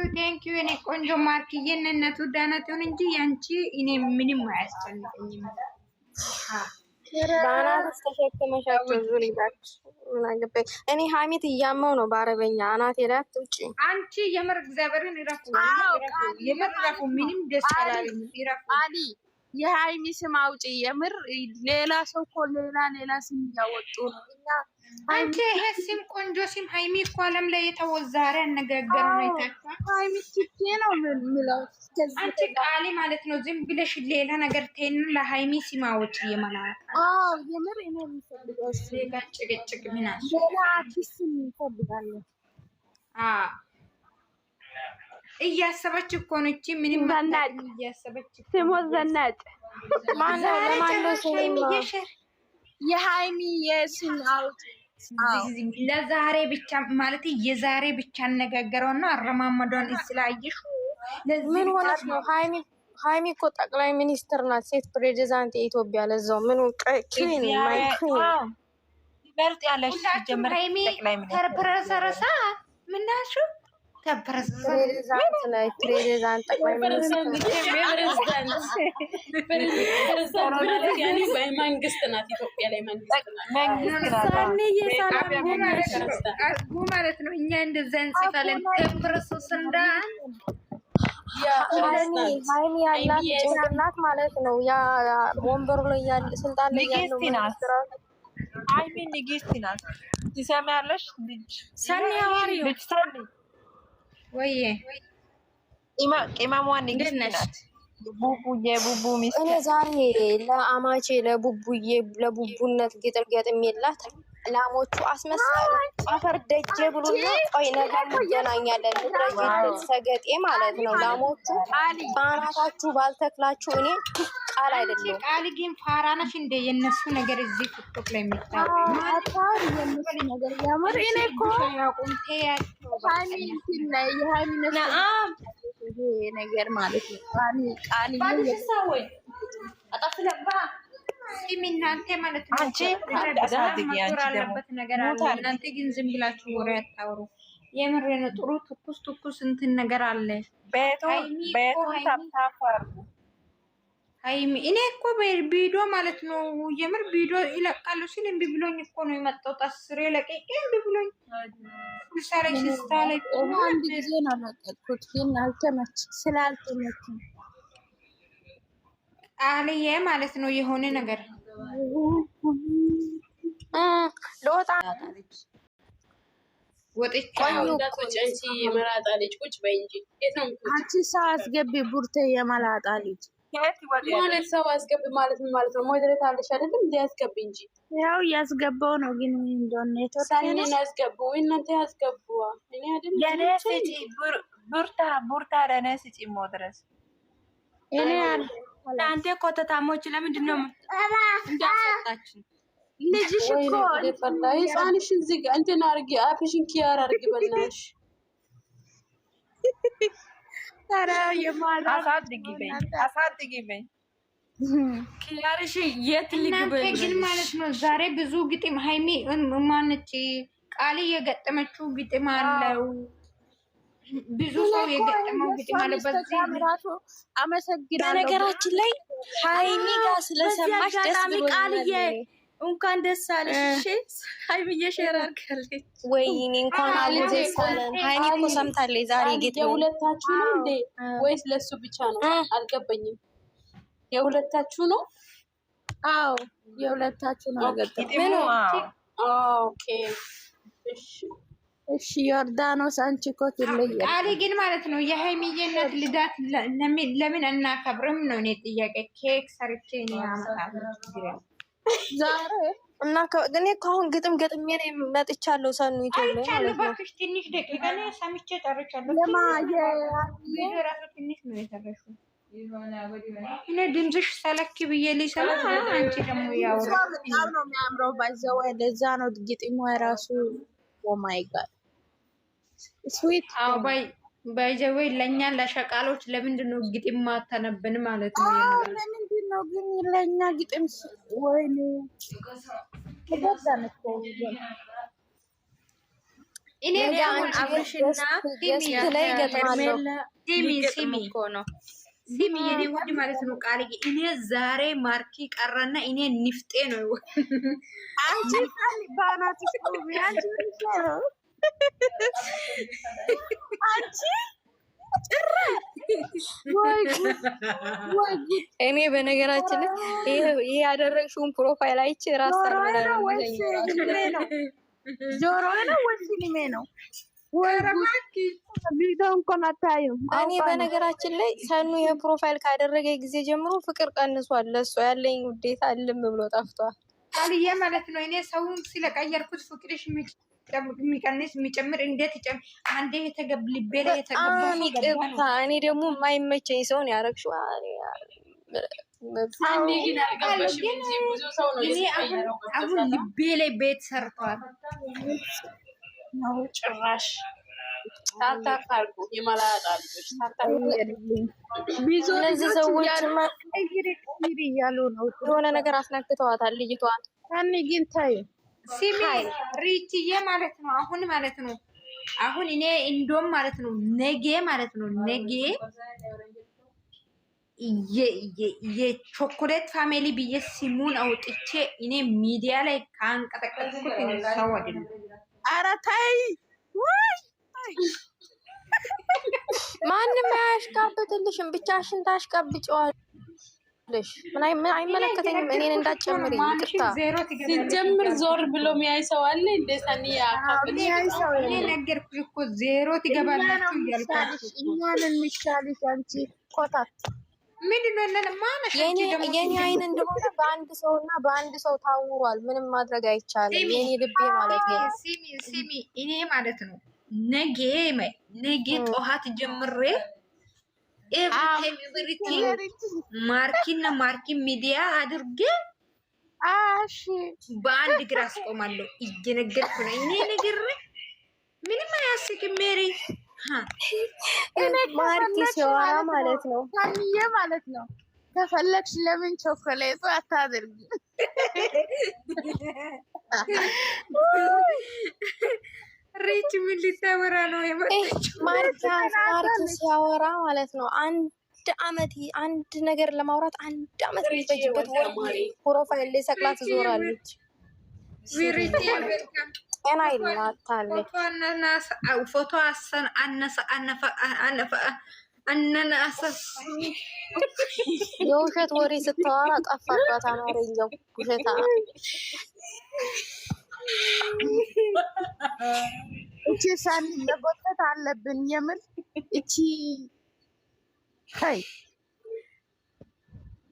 ዩ ቴንክ ዩ እኔ ቆንጆ ማርክዬ፣ እነነቱ ዳናት ይሁን እንጂ ያንቺ እኔ ምንም አያስጨንቀኝም። በአናትሽ ተሸክመሻቸው ዙ እባክሽ። ምን እኔ። ሀሚት እያመው ነው በአረበኛ አናት ሄዳት ውጭ አንቺ። የምር እግዚአብሔርን ይረፉ፣ የምር ይረፉ። ምንም ደስ አላለኝም። ይረፉ አሊ የሀይሚ ስም አውጪ። የምር ሌላ ሰው እኮ ሌላ ሌላ ስም እያወጡ ነው አንቺ ይሄ ሲም ቆንጆ ሲም ሀይሚ እኮ አለም ላይ የተወዛረ አነጋገር ነው። አንቺ ቃሌ ማለት ነው። ዝም ብለሽ ሌላ ነገር ቴን ለሀይሚ ሲማዎች የመላት እያሰበች እኮ ነው። ምንም እያሰበች ስሞ ዘናጭ ማነው? ለማን ነው? የሀይሚ የሲም አውጪ ለዛሬ ብቻ ማለት የዛሬ ብቻ አነጋገረው እና አረማመዷን ስላየሹ ምን ሆነች ነው ሀይሚ ሀይሚ እኮ ጠቅላይ ሚኒስትር ናት፣ ሴት ፕሬዚዳንት የኢትዮጵያ። ለዛው ምን ቅሪን ይበልጥ ያለሽ ጀምር ሀይሚ ፕረሰረሳ ምናሹ መንግስት ማለት ነው። እኛ እንደዛ እንጽፋለን ከፕረሶስ ሀይሚ ያላት ጭንቅላት ማለት ነው። ያ ወንበሩ ላይ ስልጣን ላይ ሀይሚ ንግስት ናት። ትሰሚያለሽ ልጅ ሰኒ አዋሪ ልጅ ሰኒ ወይዬ ቅመሟ ንግስት ናት። ቡቡዬ ቡቡ ሚስት እኔ ዛሬ ለአማቼ ለቡቡዬ ለቡቡነት ግጥር ገጥሜላት ላሞቹ አስመሳሉ አፈር ደጀ ብሎና ቆይ ነገር እንገናኛለን። ምድረጌት ሰገጤ ማለት ነው። ላሞቹ በአናታችሁ ባልተክላችሁ እኔ ቃል አይደለም ቃል ግን ፋራናሽ እንደ የነሱ ነገር እዚህ ቲክቶክ ላይ የነሱ ነገር ማለት ነው ቃል እናንተ ማለት ነው። እናንተ ግን ዝም ብላችሁ ወሬ አታውሩ። የምር ነው ጥሩ ትኩስ ትኩስ እንትን ነገር አለ። ሀይሚ እኔ እኮ ቢዶ ማለት ነው የምር ቢዶ ይለቃሉ ሲል እምቢ ብሎኝ እኮ ነው የመጣው። ታስሬ ለቀቄ እምቢ ብሎኝ ሳላይ ስታላይ አንድ ጊዜ ነው ለቀቁት፣ ግን አልተመች ስላልተመች አልየ ማለት ነው የሆነ ነገር ለወጣ ቡርቴ የመላጣ ልጅ ሰው አስገቢ ማለት ማለት ነው? ሞዴሬት አለሽ አይደለም? እንጂ ያው እያስገባው ነው። ግን እንደሆነ እናንተ ለእኔ ስጪ ቡርታ ቡርታ ለእኔ ስጪ ሞድረስ እኔ ለአንተ ኮተታሞች ለምንድን ነው እንዳሰጣችን? ልጅሽ እኮ ህፃንሽን ዝግ እንትን አርጊ፣ አፍሽን ኪያር አርጊ በናሽ ኪያርሽ የት ልግብ? ግን ማለት ነው ዛሬ ብዙ ግጥም ሀይሚ ማነች ቃል የገጠመችው ግጥም አለው ብዙ ሰው የገጠመው እንግዲህ ማለት አመሰግናለሁ። በነገራችን ላይ ሀይሚ ጋር ስለሰማሽ ደስ ብሎኛል። እንኳን ደስ አለሽ። እሺ ሀይሚዬ ሼር አድርጋለች። ወይኔ እንኳን አለ ደስ አለን። ሀይሚ እኮ ሰምታለች ዛሬ ጌት የሁለታችሁ ነው እንዴ ወይስ ለሱ ብቻ ነው? አልገባኝም። የሁለታችሁ ነው? አዎ የሁለታችሁ ነው። አልገባኝም። ኦኬ እሺ እሺ ዮርዳኖስ አንቺ እኮ ትለያለሽ። ቃሌ ግን ማለት ነው የሀይሚዬ ልዳት ለምን እናከብርም ነው እኔ ጥያቄ። ኬክ ሰርቼ እኔ አመጣለሁ ዛሬ እና ግን ከአሁን ግጥም ገጥሜ ነው መጥቻለሁ። ሰኑ ይቶሎ ባክሽ ትንሽ ደቂቃ ነው ሰምቼ ጠርቻለሁ። ለማ የራሱ ትንሽ ነው የተረሹ እኔ ድምፅሽ ሰለክ ብዬ ሊሰማ አንቺ ደግሞ ያው ነው የሚያምረው። ባይዘው ለዛ ነው ግጥሙ የራሱ ኦማይ ጋድ ስዊት አባይ ባይዘወይ ለእኛ ለሸቃሎች ለምንድን ነው ግጥም ማተነብን ማለት ነው? ለምንድን ነው ግን ለእኛ ግጥም ወይ እኔ አሁን አብርሽና ስሚ ስሚ እኮ ነው ሲሚ የኔ ውድ ማለት ነው ቃል እኔ ዛሬ ማርኪ ቀረና እኔ ንፍጤ ነው ባናት ነው አንቺ እኔ በነገራችን ይህ ይሄ ያደረግሽውን ፕሮፋይል አይቼ ራሳ እኔ በነገራችን ላይ ሰኑ ይሄ ፕሮፋይል ካደረገ ጊዜ ጀምሮ ፍቅር ቀንሷል። ለእሷ ያለኝ ውዴታ እልም ብሎ ጠፍቷል። አልዬ ማለት ነው እኔ ሰውን ስለቀየርኩት ፍቅርሽ የሚቀንስ የሚጨምር እንዴት ይጨምር? አንዴ የተገብ ልቤ ላይ የተገባ እኔ ደግሞ የማይመቸኝ ሰውን ያረግሹ አሁን ልቤ ላይ ቤት ሰርቷል። ጭራሽ ታታርጉ ሰዎች እያሉ ነው። የሆነ ነገር አስነክተዋታል ልጅቷን። ታኒ ግን ታይ ሲሚ ሪችዬ ማለት ነው። አሁን ማለት ነው። አሁን እኔ እንዶም ማለት ነው። ነጌ ማለት ነው። ነጌ የቾኮሌት ፋሚሊ ብዬ ስሙን አውጥቼ እኔ ሚዲያ ላይ ከአንቀጠቀጥኩት ሰው አይደለም። ኧረ ተይ ማንም አያሽቃብጥልሽም። ብቻሽን ታሽቃብጪዋለሽ። ልሽ ምን አይመለከተኝም። እኔን እንዳጨምር ይቅርታ። ሲጀምር ዞር ብሎ ሚያይ ሰው አለ እንደ ሳኒያ ነገርኩሽ እኮ ዜሮ ትገባላችሁ እያልኳችሁ የኔ አይን እንደሆነ በአንድ ሰው እና በአንድ ሰው ታውሯል። ምንም ማድረግ አይቻልም። የኔ ልቤ ማለት ነው። ስሚ ስሚ፣ እኔ ማለት ነው ነገ ነገ ጠዋት ጀምሬ ኤቭሪቲንግ ማርኪና ማርኪ ሚዲያ አድርጌ እሺ በአንድ እግር አስቆማለሁ። እየነገርኩ ነው። እኔ ነገር ምንም አያስቅም። ሜሪ ማርኪ ሲወራ ማለት ነው ታንዬ ማለት ነው። ከፈለግሽ ለምን ቾኮሌቱ አታድርጊ? ሬች ምን ሊታወራ ነው ማርኪ ሲያወራ ማለት ነው። አንድ አመት አንድ ነገር ለማውራት አንድ አመት የሚፈጅበት ፕሮፋይል ላይ ሰቅላ ትዞራለች። ጤና ይላታለች። ፎቶ አሰን አነሰ አነፈ አነፈ አነናሰ የውሸት ወሬ ስታወራ ጠፋባት። አማርኛው ውሸታ እቺ ሳን መጎተት አለብን። የምር እቺ ሀይ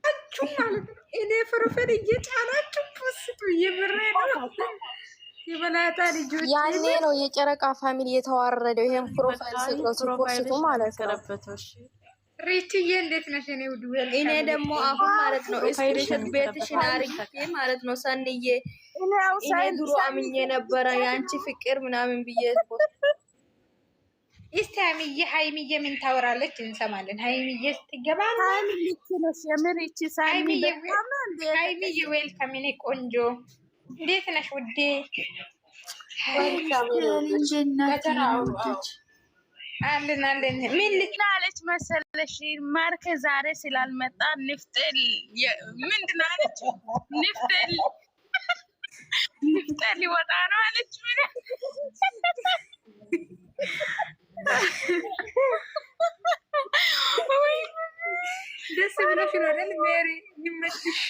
አቹ ማለት እኔ ፍርፍር እየጫናችሁ ፖስቱ ይብሬ ነው የበላታ ልጆች ያኔ ነው የጨረቃ ፋሚሊ የተዋረደው። ይሄን ፕሮፋይል ስቆስቱ ማለት ነው። ሪችዬ እንዴት ነሽ? እኔ ውድ እኔ ደግሞ አሁን ማለት ነው ስፔሻል ቤትሽን አርጌ ማለት ነው ሰንዬ እኔ ድሮ አምኜ ነበረ የአንቺ ፍቅር ምናምን ብዬ። እስቲ ሀይሚዬ ሀይሚዬ ምን ታወራለች እንሰማለን። ሀይሚዬ ስትገባ ሀይሚዬ ዌልካም የኔ ቆንጆ እንዴት ነሽ ውዴ? አለን አለን። ምን ልትላለች መሰለሽ? ማርኬ ዛሬ ስላልመጣ ንፍጥል ምንድን አለች ንፍጥል ይፍጠር ሊወጣ ነው አለች። ምን ደስ ብሎሽ ነው አይደል ሜሪ? ይመችሽ።